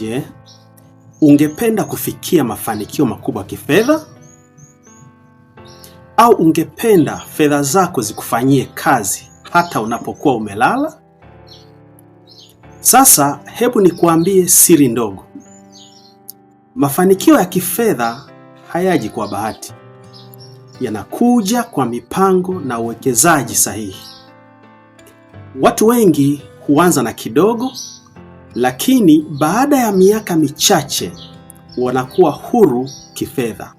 Je, ungependa kufikia mafanikio makubwa kifedha au ungependa fedha zako zikufanyie kazi hata unapokuwa umelala? Sasa hebu nikuambie siri ndogo. Mafanikio ya kifedha hayaji kwa bahati. Yanakuja kwa mipango na uwekezaji sahihi. Watu wengi huanza na kidogo lakini baada ya miaka michache wanakuwa huru kifedha.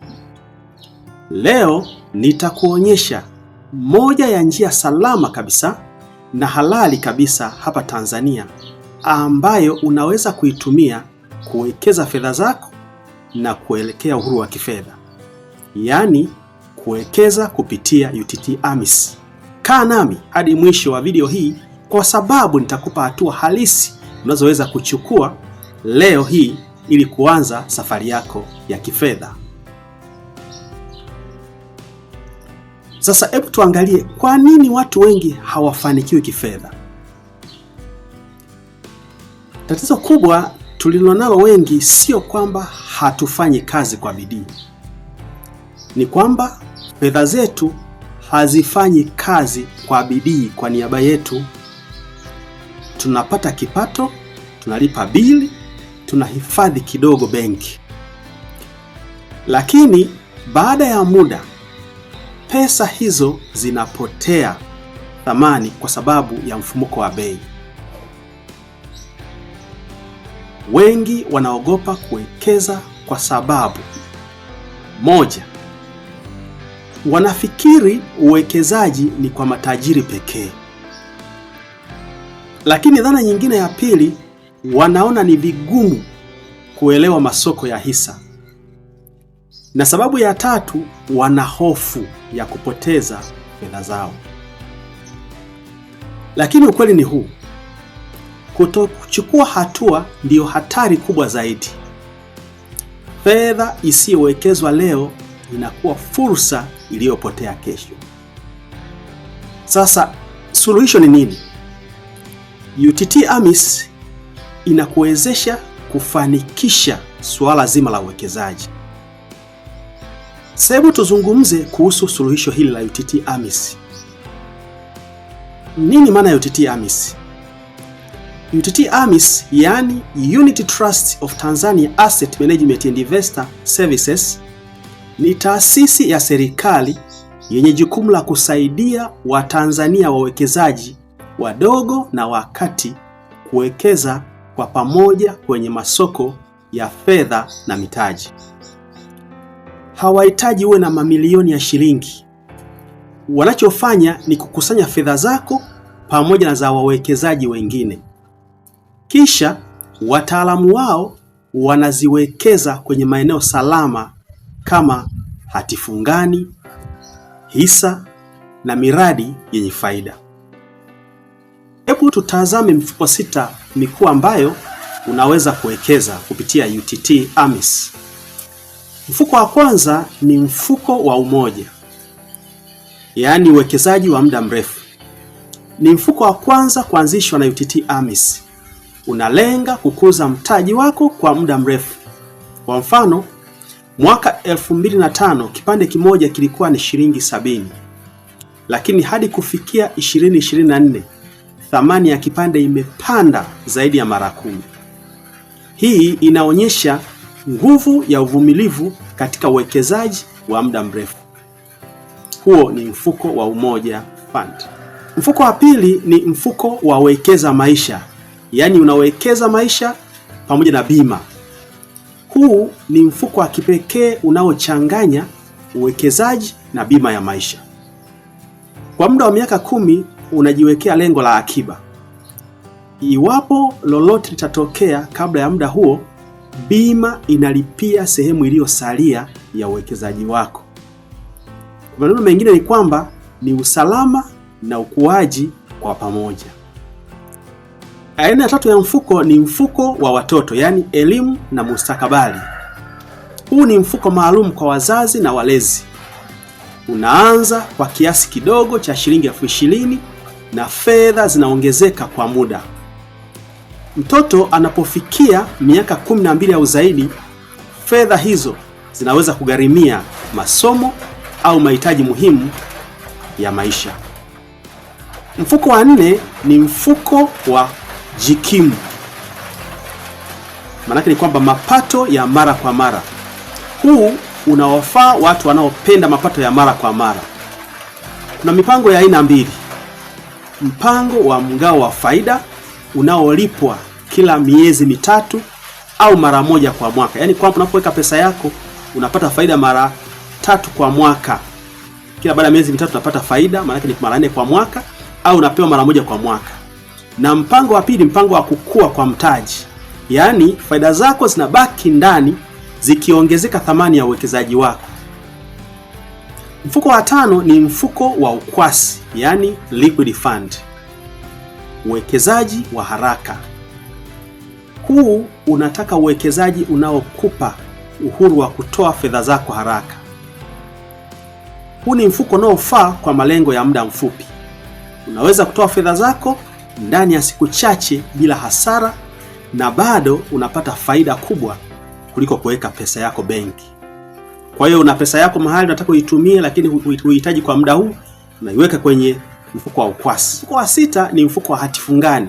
Leo nitakuonyesha moja ya njia salama kabisa na halali kabisa hapa Tanzania ambayo unaweza kuitumia kuwekeza fedha zako na kuelekea uhuru wa kifedha, yaani kuwekeza kupitia UTT AMIS. Kaa nami hadi mwisho wa video hii kwa sababu nitakupa hatua halisi unazoweza kuchukua leo hii ili kuanza safari yako ya kifedha. Sasa hebu tuangalie kwa nini watu wengi hawafanikiwi kifedha. Tatizo kubwa tulilonalo wengi sio kwamba hatufanyi kazi kwa bidii, ni kwamba fedha zetu hazifanyi kazi kwa bidii kwa niaba yetu tunapata kipato, tunalipa bili, tunahifadhi kidogo benki. Lakini baada ya muda pesa hizo zinapotea thamani kwa sababu ya mfumuko wa bei. Wengi wanaogopa kuwekeza kwa sababu moja, wanafikiri uwekezaji ni kwa matajiri pekee. Lakini dhana nyingine ya pili, wanaona ni vigumu kuelewa masoko ya hisa, na sababu ya tatu, wana hofu ya kupoteza fedha zao. Lakini ukweli ni huu, kutochukua hatua ndiyo hatari kubwa zaidi. Fedha isiyowekezwa leo inakuwa fursa iliyopotea kesho. Sasa suluhisho ni nini? UTT AMIS inakuwezesha kufanikisha suala zima la uwekezaji. Sasa tuzungumze kuhusu suluhisho hili la UTT AMIS. Nini maana ya UTT AMIS? UTT AMIS yani Unity Trust of Tanzania Asset Management and Investor Services ni taasisi ya serikali yenye jukumu la kusaidia Watanzania wawekezaji wadogo na wakati kuwekeza kwa pamoja kwenye masoko ya fedha na mitaji. Hawahitaji uwe na mamilioni ya shilingi. Wanachofanya ni kukusanya fedha zako pamoja na za wawekezaji wengine, kisha wataalamu wao wanaziwekeza kwenye maeneo salama kama hatifungani, hisa na miradi yenye faida. Hebu tutazame mifuko sita mikuu ambayo unaweza kuwekeza kupitia UTT AMIS. Mfuko wa kwanza ni mfuko wa umoja, yaani uwekezaji wa muda mrefu. Ni mfuko wa kwanza kuanzishwa na UTT AMIS, unalenga kukuza mtaji wako kwa muda mrefu. Kwa mfano, mwaka 2005 kipande kimoja kilikuwa ni shilingi sabini, lakini hadi kufikia 2024 thamani ya kipande imepanda zaidi ya mara kumi. Hii inaonyesha nguvu ya uvumilivu katika uwekezaji wa muda mrefu. Huo ni mfuko wa Umoja Fund. Mfuko wa pili ni mfuko wa wekeza maisha, yaani unawekeza maisha pamoja na bima. Huu ni mfuko wa kipekee unaochanganya uwekezaji na bima ya maisha. Kwa muda wa miaka kumi unajiwekea lengo la akiba. Iwapo lolote litatokea kabla ya muda huo, bima inalipia sehemu iliyosalia ya uwekezaji wako. maneno mengine, ni kwamba ni usalama na ukuaji kwa pamoja. Aina ya tatu ya mfuko ni mfuko wa watoto, yaani elimu na mustakabali. Huu ni mfuko maalum kwa wazazi na walezi. Unaanza kwa kiasi kidogo cha shilingi elfu ishirini na fedha zinaongezeka kwa muda. Mtoto anapofikia miaka 12 au zaidi, fedha hizo zinaweza kugharimia masomo au mahitaji muhimu ya maisha. Mfuko wa nne ni mfuko wa jikimu. Maanake ni kwamba mapato ya mara kwa mara. Huu unawafaa watu wanaopenda mapato ya mara kwa mara. Kuna mipango ya aina mbili mpango wa mgao wa faida unaolipwa kila miezi mitatu au mara moja kwa mwaka, yaani kwamba unapoweka pesa yako unapata faida mara tatu kwa mwaka. Kila baada ya miezi mitatu unapata faida, maanake ni mara nne kwa mwaka, au unapewa mara moja kwa mwaka. Na mpango wa pili, mpango wa kukua kwa mtaji, yaani faida zako zinabaki ndani zikiongezeka thamani ya uwekezaji wako. Mfuko wa tano ni mfuko wa ukwasi, yani liquid fund, uwekezaji wa haraka. Huu unataka uwekezaji unaokupa uhuru wa kutoa fedha zako haraka. Huu ni mfuko unaofaa kwa malengo ya muda mfupi. Unaweza kutoa fedha zako ndani ya siku chache bila hasara na bado unapata faida kubwa kuliko kuweka pesa yako benki. Kwa hiyo una pesa yako mahali unataka uitumie, lakini huhitaji kwa muda huu, unaiweka kwenye mfuko wa ukwasi. Mfuko wa sita ni mfuko wa hatifungani,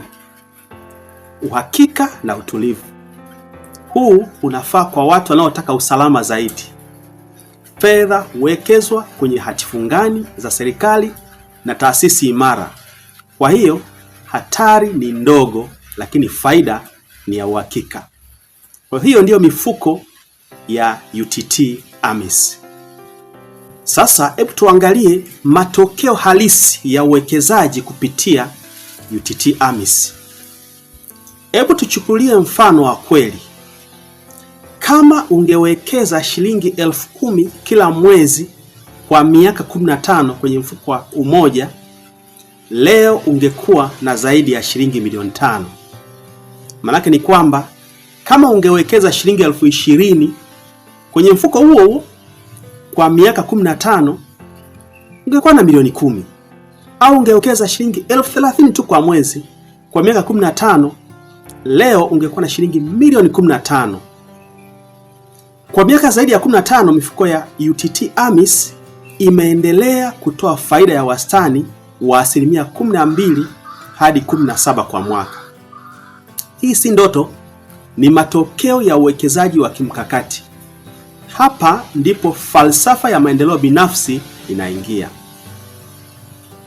uhakika na utulivu. Huu unafaa kwa watu wanaotaka usalama zaidi. Fedha huwekezwa kwenye hatifungani za serikali na taasisi imara. Kwa hiyo hatari ni ndogo, lakini faida ni ya uhakika. Kwa hiyo ndiyo mifuko ya UTT AMIS. Sasa hebu tuangalie matokeo halisi ya uwekezaji kupitia UTT AMIS. Hebu tuchukulie mfano wa kweli. Kama ungewekeza shilingi elfu kumi kila mwezi kwa miaka 15 kwenye mfuko wa Umoja, leo ungekuwa na zaidi ya shilingi milioni tano. Maanake ni kwamba kama ungewekeza shilingi elfu ishirini Kwenye mfuko huo huo kwa miaka 15 ungekuwa na milioni kumi au ungewekeza shilingi elfu thelathini tu kwa mwezi kwa miaka 15, leo ungekuwa na shilingi milioni 15. Kwa miaka zaidi ya 15, mifuko ya UTT AMIS imeendelea kutoa faida ya wastani wa asilimia 12 hadi 17 kwa mwaka. Hii si ndoto, ni matokeo ya uwekezaji wa kimkakati hapa ndipo falsafa ya maendeleo binafsi inaingia.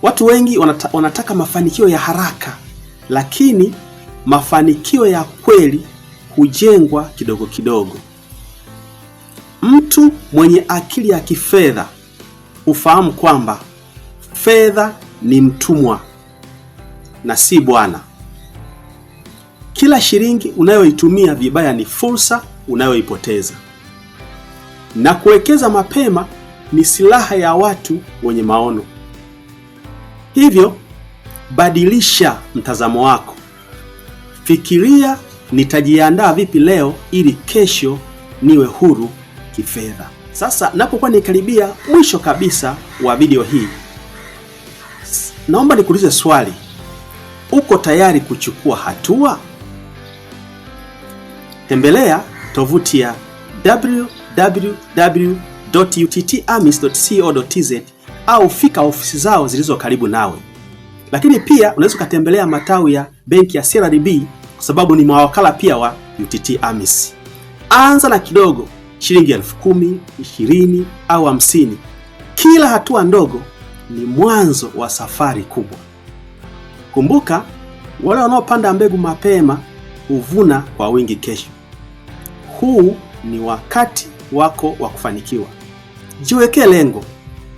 Watu wengi wanata, wanataka mafanikio ya haraka, lakini mafanikio ya kweli hujengwa kidogo kidogo. Mtu mwenye akili ya kifedha hufahamu kwamba fedha ni mtumwa na si bwana. Kila shilingi unayoitumia vibaya ni fursa unayoipoteza na kuwekeza mapema ni silaha ya watu wenye maono. Hivyo badilisha mtazamo wako, fikiria nitajiandaa vipi leo ili kesho niwe huru kifedha. Sasa napokuwa nikaribia mwisho kabisa wa video hii, naomba nikuulize swali, uko tayari kuchukua hatua? Tembelea tovuti ya www.uttarmis.co.tz au fika ofisi zao zilizo karibu nawe. Lakini pia unaweza ukatembelea matawi ya benki ya CRDB kwa sababu ni mawakala pia wa UTT AMIS. Anza na kidogo, shilingi elfu kumi, ishirini au hamsini. Kila hatua ndogo ni mwanzo wa safari kubwa. Kumbuka, wale wanaopanda mbegu mapema huvuna kwa wingi kesho. Huu ni wakati wako wa kufanikiwa. Jiwekee lengo,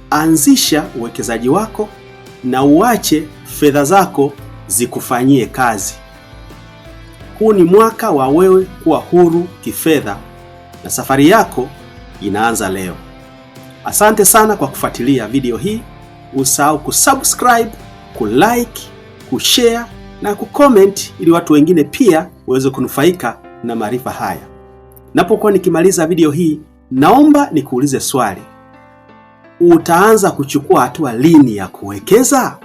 anzisha uwekezaji wako na uache fedha zako zikufanyie kazi. Huu ni mwaka wa wewe kuwa huru kifedha na safari yako inaanza leo. Asante sana kwa kufuatilia video hii. Usahau kusubscribe, kulike, kushare na kucomment ili watu wengine pia waweze kunufaika na maarifa haya. Napokuwa nikimaliza video hii, naomba nikuulize swali. Utaanza kuchukua hatua lini ya kuwekeza?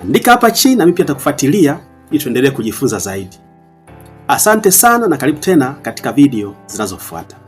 Andika hapa chini na mimi pia nitakufuatilia ili tuendelee kujifunza zaidi. Asante sana na karibu tena katika video zinazofuata.